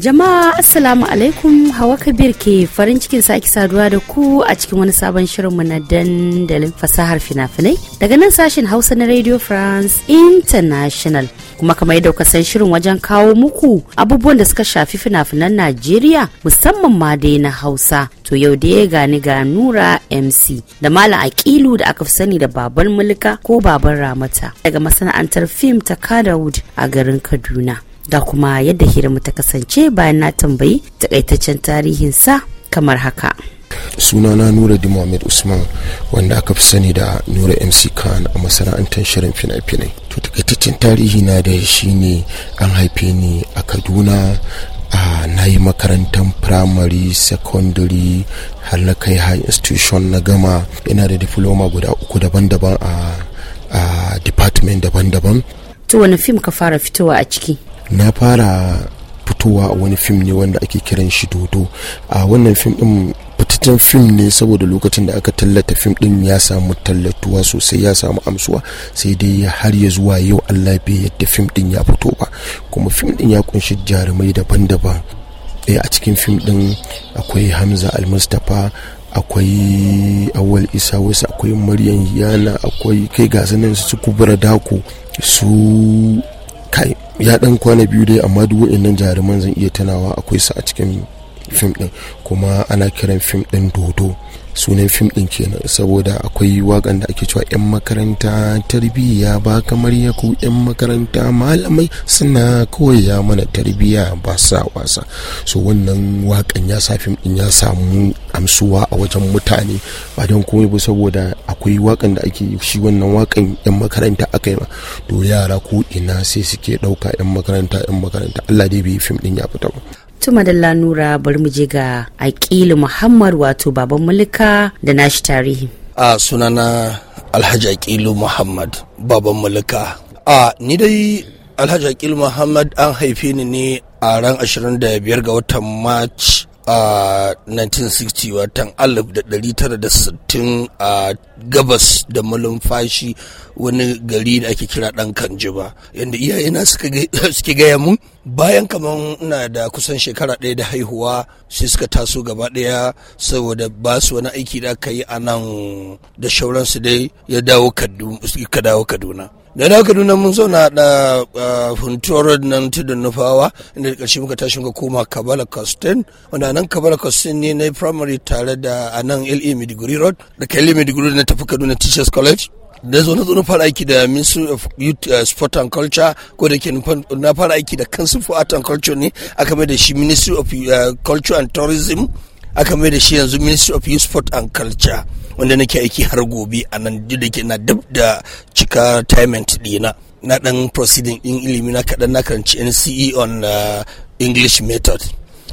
Jama'a Assalamu alaikum Hawa Kabir ke farin cikin sake saduwa da ku a cikin wani sabon shirinmu na dandalin fasahar fina-finai daga nan sashen Hausa na Radio France International. Kuma kamar yadda kuka san shirin wajen kawo muku abubuwan da suka shafi fina-finan Najeriya musamman ma dai na Hausa. To yau da ya gani ga Nura MC da Malam akilu da aka fi sani da Baban Mulka ko Baban Ramata daga masana'antar fim ta Kadawood a garin Kaduna. ga kuma yadda hirarmu ta kasance bayan na tambayi takaitaccen tarihin sa kamar haka. sunana nura Muhammad usman wanda aka fi sani da nura mc khan a masana'antar shirin fina-finai to takaitaccen tarihi na da shi ne an haife ni a kaduna a na yi makarantar primary secondary har na kai high institution na gama ina da diploma guda uku daban-daban a department daban-daban to wani fim ka fara fitowa a ciki na fara fitowa a wani fim ne wanda ake kiran shi dodo a wannan fim din fitaccen fim ne saboda lokacin da aka tallata fim din ya samu tallatuwa sosai ya samu amsuwa sai dai har ya zuwa yau allah bai yadda fim din ya fito ba kuma fim din ya kunshi jarumai daban-daban ɗaya eh, a cikin fim din akwai hamza almustapha akwai awal isa wasu akwai maryam yana akwai kai gasa nan su kubura dako su kai ya dan kwana biyu dai amma duk wa'annan jaruman zan iya tunawa akwai su a cikin fim din kuma ana kiran fim din dodo sunan fim din kenan saboda akwai wakan da ake cewa 'yan makaranta tarbiyya ba kamar ya ku 'yan makaranta malamai suna koya mana tarbiyya ba sa wasa so wannan wakan ya sa fim din ya samu amsuwa a wajen mutane ba don komai ba saboda akwai wakan da ake shi wannan wakan 'yan makaranta aka yi ma to yara ko ina sai suke dauka 'yan makaranta 'yan makaranta Allah dai bai fim din ya fita ba Tuma da Lanura bari mu je ga Aƙilu Muhammad wato baban mulka da nashi tarihi. A sunana Alhaji Aƙilu Muhammad baban mulka. A ni dai Alhaji Aƙilu Muhammad an haife ni ne a ran 25 ga watan March a 1960 watan 1960 a gabas da malumfashi wani gari da ake kira ɗan kanji ba yadda iyayena suke gaya mun bayan kamar na da kusan shekara ɗaya da haihuwa sai suka taso gaba ɗaya saboda ba su wani aiki da aka yi a nan da shauransu dai ya dawo kaduna da na kaduna mun zauna da funtuwar nan tudun nufawa inda da ƙarshe muka tashi muka koma kabala kostin wanda nan kabala kostin ne na primary tare da a nan la maiduguri road da kai la maiduguri na tafi kaduna teachers college na zo na zo na fara aiki da ministry of youth uh, sport and culture ko da ke na fara aiki da council for art and culture ne aka mai da shi ministry of uh, culture and tourism aka mai da shi yanzu ministry of youth sport and culture wanda nake aiki har gobe a nan da ke na duk da cika retirement dina na dan proceeding in ilimi na kaɗan na karanci nce on uh, english method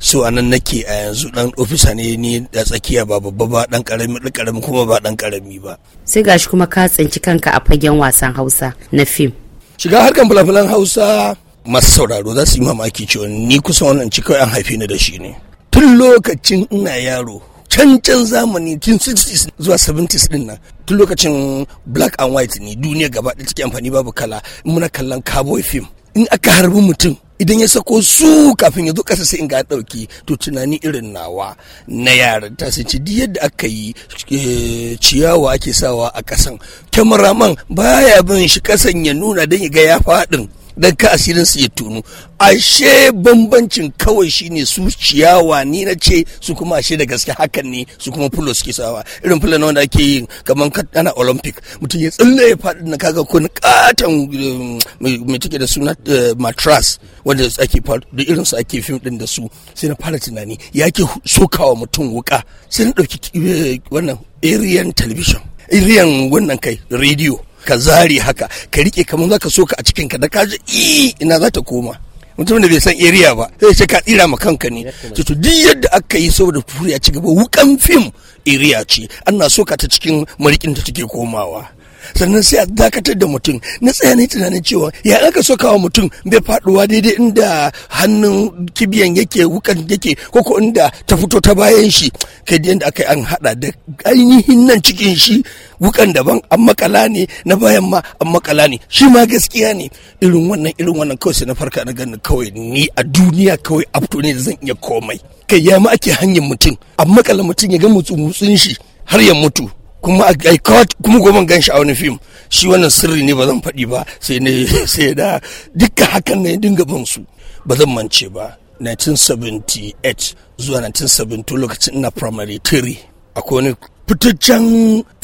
so anan nake a yanzu dan ofisa ne ni da tsakiya ba babba ba dan karami dan karami kuma ba dan karami ba sai gashi kuma ka tsinci kanka a fagen wasan Hausa na fim shiga harkan fulafulan Hausa masu sauraro za su yi mamaki cewa ni kusan wannan ci an haife ni da shi ne tun lokacin ina yaro can can zamani tun 60s zuwa 70s din nan tun lokacin black and white ne duniya gaba da take amfani babu kala muna kallon cowboy film in aka harbi mutum idan ya sako su kafin ya zo ƙasa sai in ga ɗauki to tunani irin nawa na yaran ta sun ci yadda aka yi eh, ciyawa ake sawa a ƙasan kyamaraman baya bin shi ƙasan ya nuna don ya ga ya faɗin dan ka asirin su ya tunu ashe bambancin kawai shine su ciyawa ni na ce su kuma ashe da gaske hakan ne su kuma fulo suke sawa irin fulo na wanda ake yi kamar ana olympic mutum ya tsalle ya faɗi na kaga ko na katon eh, mai take da suna eh, matras wanda ake da irin su ake fim din da su sai na fara tunani ya ke sokawa mutum wuka sai na ɗauki eh, wannan ariyan television ariyan wannan kai rediyo ka zare haka ka rike kamar zaka soka a cikin ka da ka ji ina za ta koma mutumin da bai san area ba sai ce ka tsira ma kanka ne to duk yadda aka yi saboda turi cigaba ci wukan fim area ce ana soka ta cikin marikin ta take komawa sannan sai a dakatar da mutum na tsaya ne tunanin cewa ya aka so kawo mutum bai faduwa daidai inda hannun kibiyan yake wukan yake ko ko inda ta fito ta bayan shi kai da aka an hada da ainihin nan cikin shi wukan daban an makala ne na bayan ma an makala ne shi ma gaskiya ne irin wannan irin wannan kawai sai na farka na gani kawai ni a duniya kawai abto ne da zan iya komai kai ya ma ake hanyar mutum an makala mutum ya ga mutsu mutsun shi har ya mutu kuma a kawai kuma goma gan shi a wani fim shi wannan sirri ne ba zan faɗi ba sai ne sai da dukkan hakan ne dinga bin su ba zan mance ba 1978 zuwa 1972 lokacin ina primary 3 akwai wani fitaccen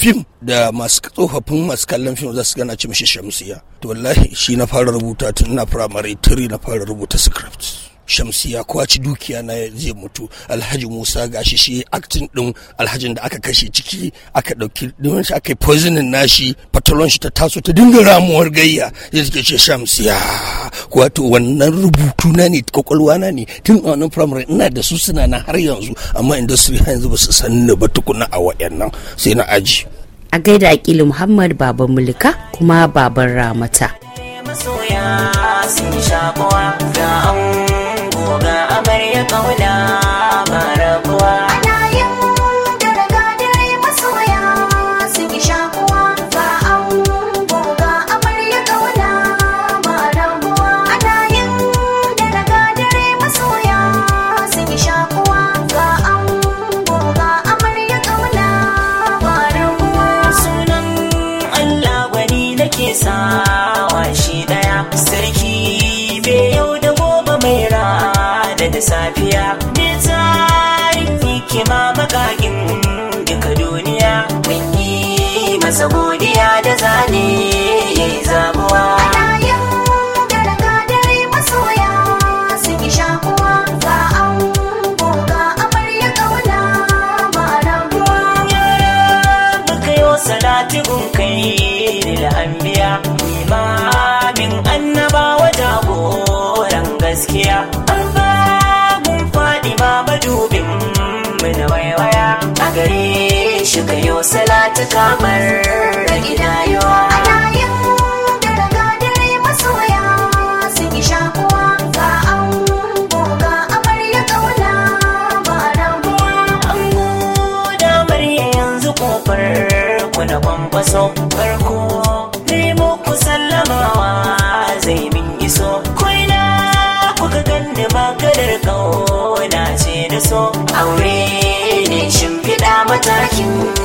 fim da masu tsofaffin masu kallon fim za su gana ce mishi shamsiya to wallahi shi na fara rubuta tun na primary 3 na fara rubuta script shamsiya ko ci dukiya na zai mutu alhaji musa gashi shi aktin din alhajin da aka kashe ciki aka dauki dimin shi aka yi poisoning nashi patalon shi ta taso ta dinga ramuwar gayya ya suke ce shamsiya wato wannan rubutu na ne kwakwalwa na ne tun a wannan primary ina da su suna na har yanzu amma industry har yanzu ba su san ni ba tukuna a wayannan sai na aji a gaida akili muhammad baban mulka kuma baban ramata masoya sun sha ya kauna ta kamar da gidayewa. A yayin da daga dare masoya sun yi shakuwa ga an ga amarya ƙauna ba a rabuwa. An yanzu kofar ku na kwankwaso farko. Nemo ku sallamawa zai min iso. Kwaina kuka ganni maganar ƙauna ce da so. Aure ne shimfiɗa matakin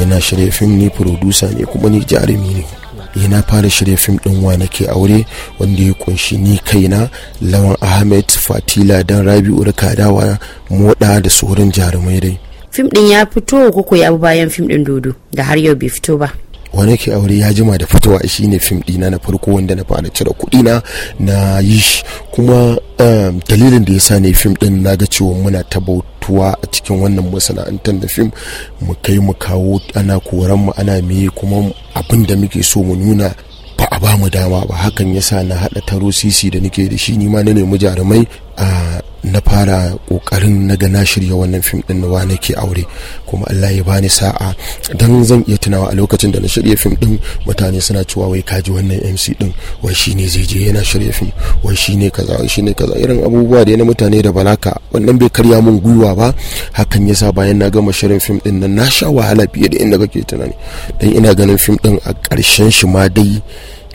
yana shirya fim ne producer ne kuma ni jarumi ne yana eh, fara shirya fim din wa nake aure wanda ya kunshi ni kaina lawan ahmed fatila dan rabi'u kadawa moda da sauran jarumai dai fim din ya fito ko koyi abu bayan fim din dodo da har yau bai fito ba wani ke aure ya jima da fitowa shi ne fim ɗina na farko wanda na fara cire kuɗi na na yi shi kuma um, dalilin da ya sa ne fim ɗin na ga cewa muna ta a cikin wannan masana'antar da fim mu kai mu kawo ana koran mu ana meye kuma abin da muke so mu nuna ba a ba mu dama ba hakan yasa na haɗa taro sisi da nake da shi ma na nemi jarumai na fara kokarin na ga na shirya wannan fim din wa nake aure kuma Allah ya bani sa'a dan zan iya tunawa a lokacin da na shirya fim din mutane suna cewa wai kaji wannan MC din wai shine zai je yana shirya fim wai shine kaza wai shine kaza irin abubuwa da na mutane da balaka wannan bai karya mun gwiwa ba hakan yasa bayan na gama shirin fim din nan na sha wahala fiye da inda kake tunani dan ina ganin fim din a karshen shi ma dai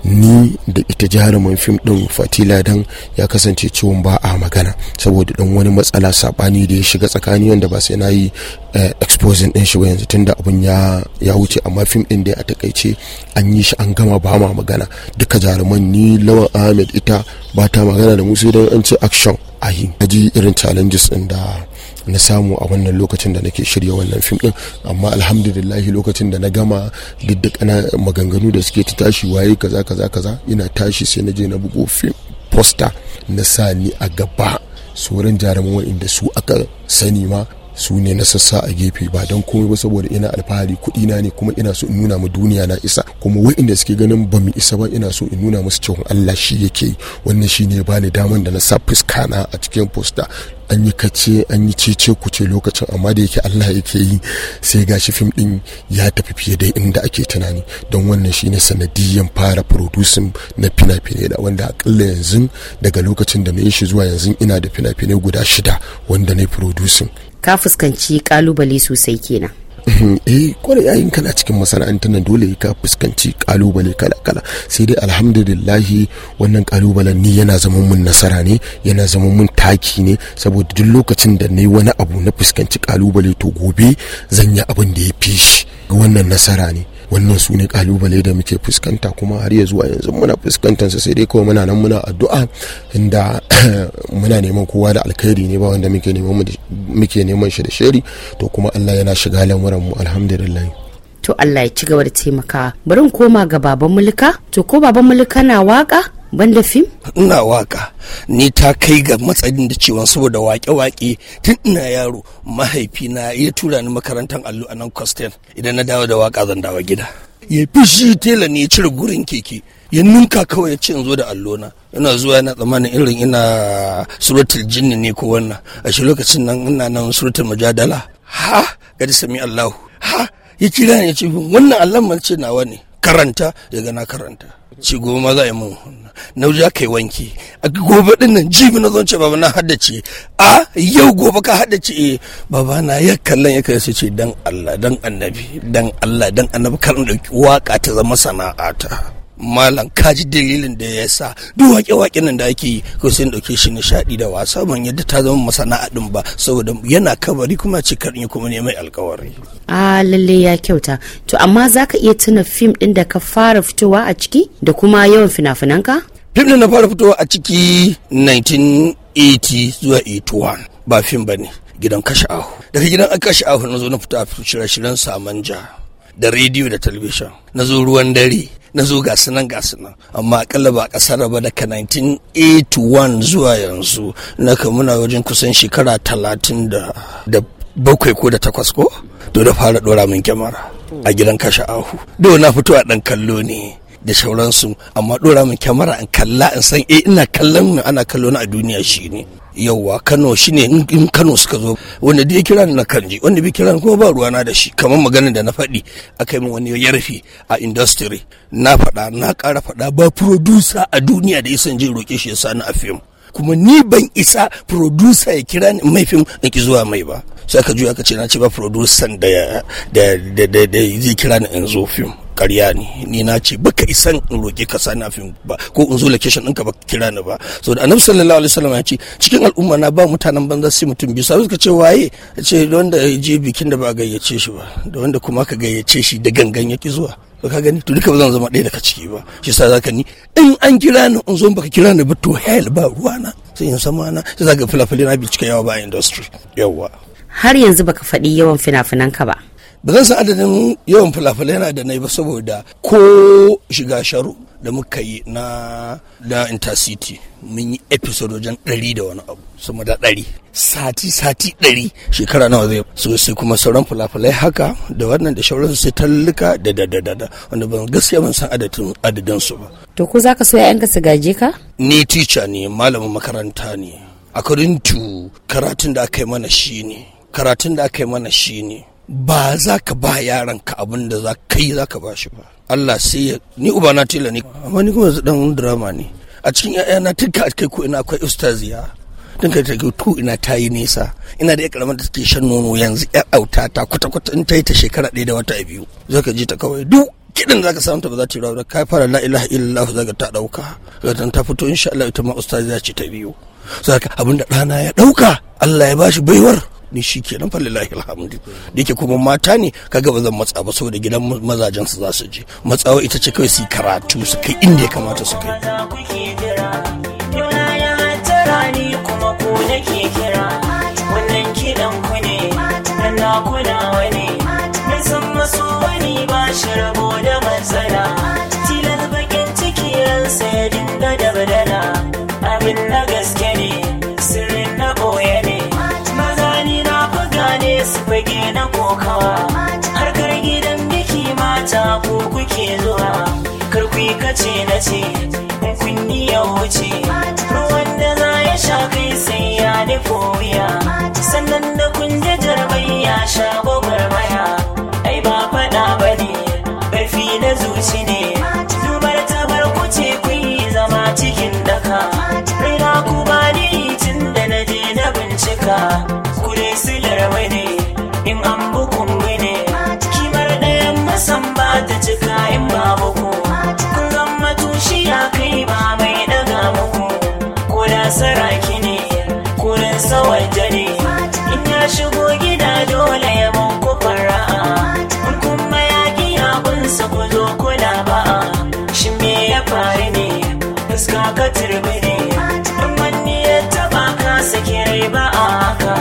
ni da ita jaruman fim din fatila dan ya kasance ciwon ba a magana saboda dan wani matsala sabani da ya shiga tsakani wanda ba sai na yi eh, exposing din shi ba yanzu tunda abun ya ya wuce amma fim din da a takaice an yi shi an gama ba ma magana duka jaruman ni lawan ahmed ita ba ta magana da mu sai dan an ce action a ji irin challenges ɗin da na samu a wannan lokacin da nake shirya wannan fim ɗin amma alhamdulillahi lokacin da na gama duk da kana maganganu da suke ta tashi waye kaza kaza kaza ina tashi sai na je na bugo fim poster na sa ni a gaba sauran jaruman inda su aka sani ma su ne na sassa a gefe ba don komai ba saboda ina alfahari kuɗi na ne kuma ina so in nuna mu duniya na isa kuma wa'inda suke ganin ba mu isa ba ina so in nuna musu cewa Allah shi yake wannan shi ne bani daman da na sa fuska na a cikin posta an yi kace an yi cece kuce lokacin amma da yake Allah yake yi sai gashi fim din ya tafi fiye da inda ake tunani don wannan shi shine sanadiyyan fara producing na fina-finai da wanda akalla yanzu daga lokacin da na yi shi zuwa yanzu ina da fina-finai guda shida wanda na yi producing ka fuskanci kalubale sosai kenan eh kwarai yayin kana cikin masana'antar nan dole ka fuskanci kalubale kala-kala sai dai alhamdulillahi wannan kalubalen ni yana zama mun nasara ne yana zama mun taki ne saboda duk lokacin da ni wani abu na fuskanci kalubale to gobe zan yi abin da ya fi shi wannan nasara ne wannan su ne kalubale da muke fuskanta kuma har ya zuwa yanzu muna fuskantar sai dai kawai muna nan muna addu'a inda muna neman kowa da alkhairi ne ba wanda muke neman muke neman shi da shari to kuma Allah yana shiga lamuran mu alhamdulillah to Allah ya ci gaba da taimaka bari koma ga baban mulka to ko baban mulka na waka ban da fim? ina waka ni ta kai ga matsayin da cewa saboda wake-wake tun ina yaro mahaifina ya tura ni makarantar allo a nan kwastel idan na dawo da waka zan dawo gida ya shi tela ne ya cire gurin keke ya ninka kawai ya ce in zo da allo na. ina zuwa yana tsammanin irin ina suratul jinni ne ko wannan a shi lokacin nan ina nan suratul mujadala ha gadi sami allahu ha ya kira ne ya ce wannan allon mace nawa ne karanta ya gana karanta ci goma za a yi mun na wuja kai wanki a gobe din nan jibi na zonce baba na ce a yau gobe ka haddace ce eh. baba na ya kallon ya kai ce dan Allah dan annabi dan Allah dan annabi kan dauki waka ta zama sana'a ta. malam kaji dalilin da ya sa duk wake wake nan da ake yi ko sai dauke shi nishadi da wasa ban yadda ta zama masana'a din ba saboda yana kabari kuma ce karin kuma ne mai alkawari a lalle ya kyauta to amma zaka iya tuna fim din da ka fara fitowa a ciki da kuma yawan fina-finanka fim din na fara fitowa a ciki 1980 zuwa 81 ba fim bane gidan kashe ahu daga gidan kashe ahu na zo na fita a shirye-shiryen samanja da rediyo da talabijin. na zo ruwan dare na zo ga nan ga nan amma akalla ba kasar ba daga 1981 zuwa yanzu na muna wajen kusan shekara talatin da bakwai ko da takwas ko to da fara dora min kyamara a gidan kashe ahu da na fito a dan kallo ne da sauransu amma dora min kyamara in kalla in san eh ina kallon ana kallo na a duniya shi ne. yauwa kano ne in kano suka zo wanda da ya kira na kanji, ji wanda bai kira kuma ba ruwana da shi kamar maganar da na faɗi aka yi min wani yarfi a industry na faɗa na ƙara faɗa ba producer a duniya da isan jin roƙe shi ya sani a fim kuma ni ban isa producer ya kira ni mai fim in ki zuwa mai ba sai ka juya ka ce na ce ba producer da zai kira ni in zo fim karya ne ni na ce baka isan in roƙe ka sani a fim ba ko in zo location ɗinka ba kira ni ba so da annabi sallallahu alaihi wasallam ya ce cikin al'umma na ba mutanen banza sai mutum biyu sai suka ce waye ya ce wanda ya je bikin da ba gayyace shi ba da wanda kuma ka gayyace shi da gangan yaki zuwa ba ka gani to duka ba zan zama ɗaya daga ciki ba shi sa zaka ni in an kira ni in zo baka kira ni ba to hell ba na sai in sama na sai zaka filafilai na bincika yawa ba industry yawa har yanzu baka faɗi yawan fina ka ba ba zan san adadin yawan fulafulai yana da nai ba saboda ko shiga sharu da muka yi na da intercity mun yi episode wajen ɗari da wani abu sama da ɗari sati sati ɗari shekara nawa zai so sai kuma sauran fulafulai haka da wannan da shauran sai tallika da da da da wanda ban gaskiya ban san adadin adadin su ba to ko zaka so ka su gaje ka ni teacher ne malamin makaranta ne according to karatun da aka yi mana shine karatun da aka yi mana shine ba za ka ba yaranka abin da za ka yi za ka ba shi ba Allah sai ya ni uba na tela ni amma ni kuma dan drama ne a cikin ya'ya na a kai ko ina akwai ustaziya tun kai take to ina ta yi nisa ina da ƙaramar da take shan nono yanzu ƴar auta ta kwata kwata in ta yi ta shekara ɗaya da wata biyu ka ji ta kawai duk kiɗin ka samu ta ba za ta yi rawar ka fara la ilaha illallah ka ta ɗauka zaka ta fito insha Allah ita ma ustaziya ce ta biyu zaka da ɗana ya ɗauka Allah ya bashi baiwar ni shi nan fa lillahi alhamdu da yake kuma mata ne ka gaba zan matsa ba saboda gidan mazajen su za su je matsawa ita ce kawai su karatu su kai inda ya kamata su kai kuma na kuna wani na ba shi rabo da matsala harkar gidan biki mata ko kuke zuwa kar kace na ce kun ya wuce ruwan da za ya sha kai sai ya nufo wuya sannan da kunje je jarbai ya sha gwagwarmaya ai ba faɗa ba ne ƙarfi na zuci ne saraki ne kurin sawaje ne in ya shigo gida dole ya ku fara'a kuma ya giya kunsa ku zo kula ba'a shi me ya faru ne fuska ka turbi ne in manni ya taba ka sake rai ba a haka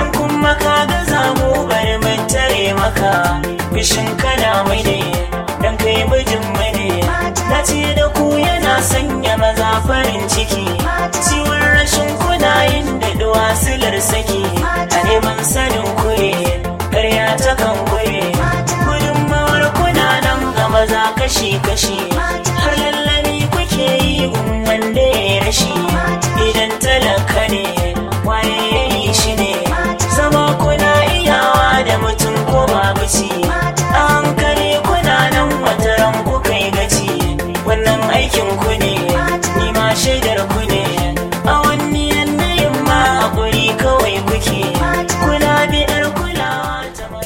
in kuma ka ga zamu bari mun tare maka fishin kana mai ne dan kai mijin mai ne na ce da sanya maza farin ciki ciwon rashin kuna da duwa silar saki a neman sanin kure karya ta kan kure gudun mawar ga maza kashi-kashi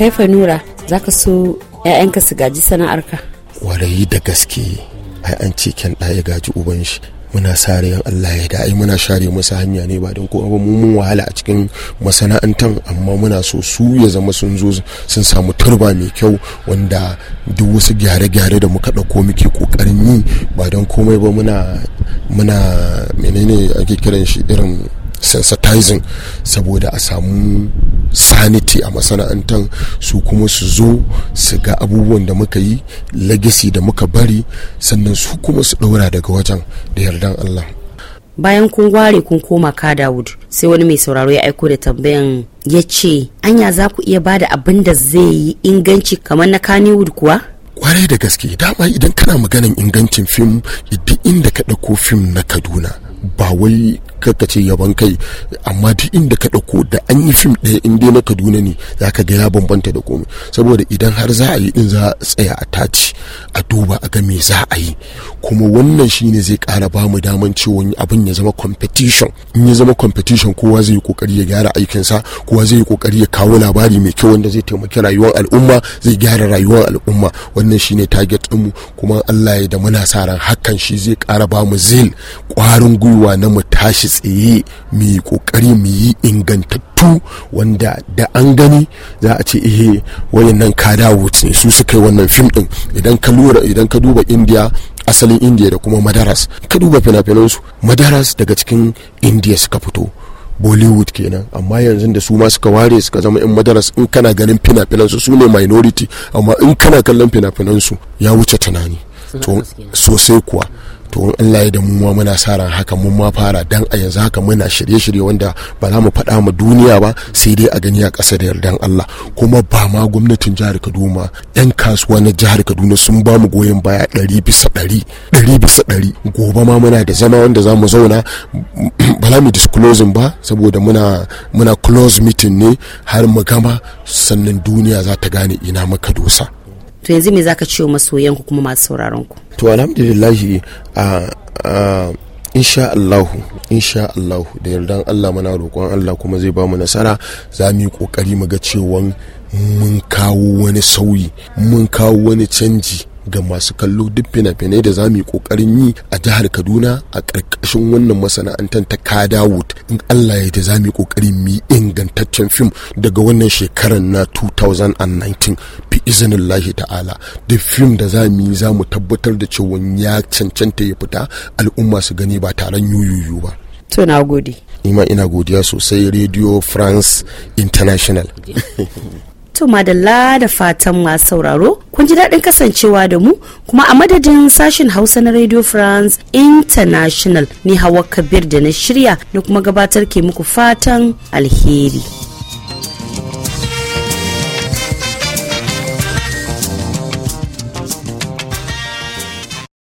kai fa nura za ka so 'ya'yanka su gaji sana'arka warayi da gaske ai an ce kyan ɗaya gaji uban shi muna sa yan Allah ya dai muna share masa hanya ne ba don ko ba mu mun wahala a cikin masana'antar amma muna so su ya zama sun zo sun samu turba mai kyau wanda duk wasu gyare-gyare da muka ɗauko muke kokarin yi ba don komai ba muna muna menene ake kiran shi irin sensitizing saboda a samu sanity a masana'antar su kuma su zo su ga abubuwan da muka yi legacy da muka bari sannan su kuma su ɗaura daga wajen da yardan Allah bayan kun ware kun koma kadawud sai wani mai sauraro ya aiko da tambayan ya ce anya za ku iya ba da abin da zai yi inganci kamar na kaniwood kuwa kwarai da gaske dama idan kana maganin ingancin fim duk inda ka ɗauko fim na kaduna ba wai ce yaban kai amma duk inda ka ɗauko da an yi fim ɗaya in dai na kaduna ne za ka ga ya bambanta da komai saboda idan har za a yi din za a tsaya a taci a duba a ga me za a yi kuma wannan shine zai ƙara ba mu daman cewa abin ya zama competition in ya zama competition kowa zai yi kokari ya gyara aikinsa kowa zai yi kokari ya kawo labari mai kyau wanda zai taimaki rayuwar al'umma zai gyara rayuwar al'umma wannan shine target mu, kuma Allah ya da muna sa ran hakan shi zai ƙara ba mu zil ƙwarin gwiwa na mu tashi tsaye mu yi kokari mu yi ingantattu wanda da an gani za a ce ihe wayannan kadawut ne su suka yi wannan fim din idan ka lura idan ka duba india asalin india da kuma madaras ka duba fina-finansu madaras daga cikin india suka fito bollywood kenan amma yanzu da su ma suka ware suka zama yan madaras in kana ganin fina-finan su su ne minority amma in kana kallon fina-finan su ya wuce tunani sosai kuwa to in Allah ya da mu ma muna sa ran haka mun ma fara dan a yanzu haka muna shirye-shirye wanda ba za mu faɗa ma duniya ba sai dai a gani a ƙasa da yardan Allah kuma ba ma gwamnatin jihar Kaduna ɗan kasuwa na jihar Kaduna sun ba mu goyon baya ɗari bisa ɗari ɗari bisa ɗari gobe ma muna da zama wanda za mu zauna ba za mu disclosing ba saboda muna muna close meeting ne har mu gama sannan duniya za ta gane ina muka dosa to yanzu me zaka ciwo wa masoyanku kuma masu sauraron ku to alhamdulillahi a insha Allahu insha Allahu da yarda Allah muna roƙon Allah kuma zai ba mu nasara za mu yi ƙoƙari mu ga cewa mun kawo wani sauyi mun kawo wani canji ga masu kallo duk fina-finai da za mu yi kokarin yi a jihar kaduna a ƙarƙashin wannan masana'antar ta kadawood in allah ya da za mu yi kokari mu yi ingantaccen fim daga wannan shekarar na 2019 izinin lahi ta'ala da fim da za mu yi za mu tabbatar da cewa ya cancanta ya fita al'umma su gani ba taron yuyuyu ba to na gode ima ina godiya sosai radio france international to madalla da fatan masu sauraro kun ji daɗin kasancewa da mu kuma a madadin sashen hausa na radio france international ni hawa kabir da na shirya da kuma gabatar ke muku fatan alheri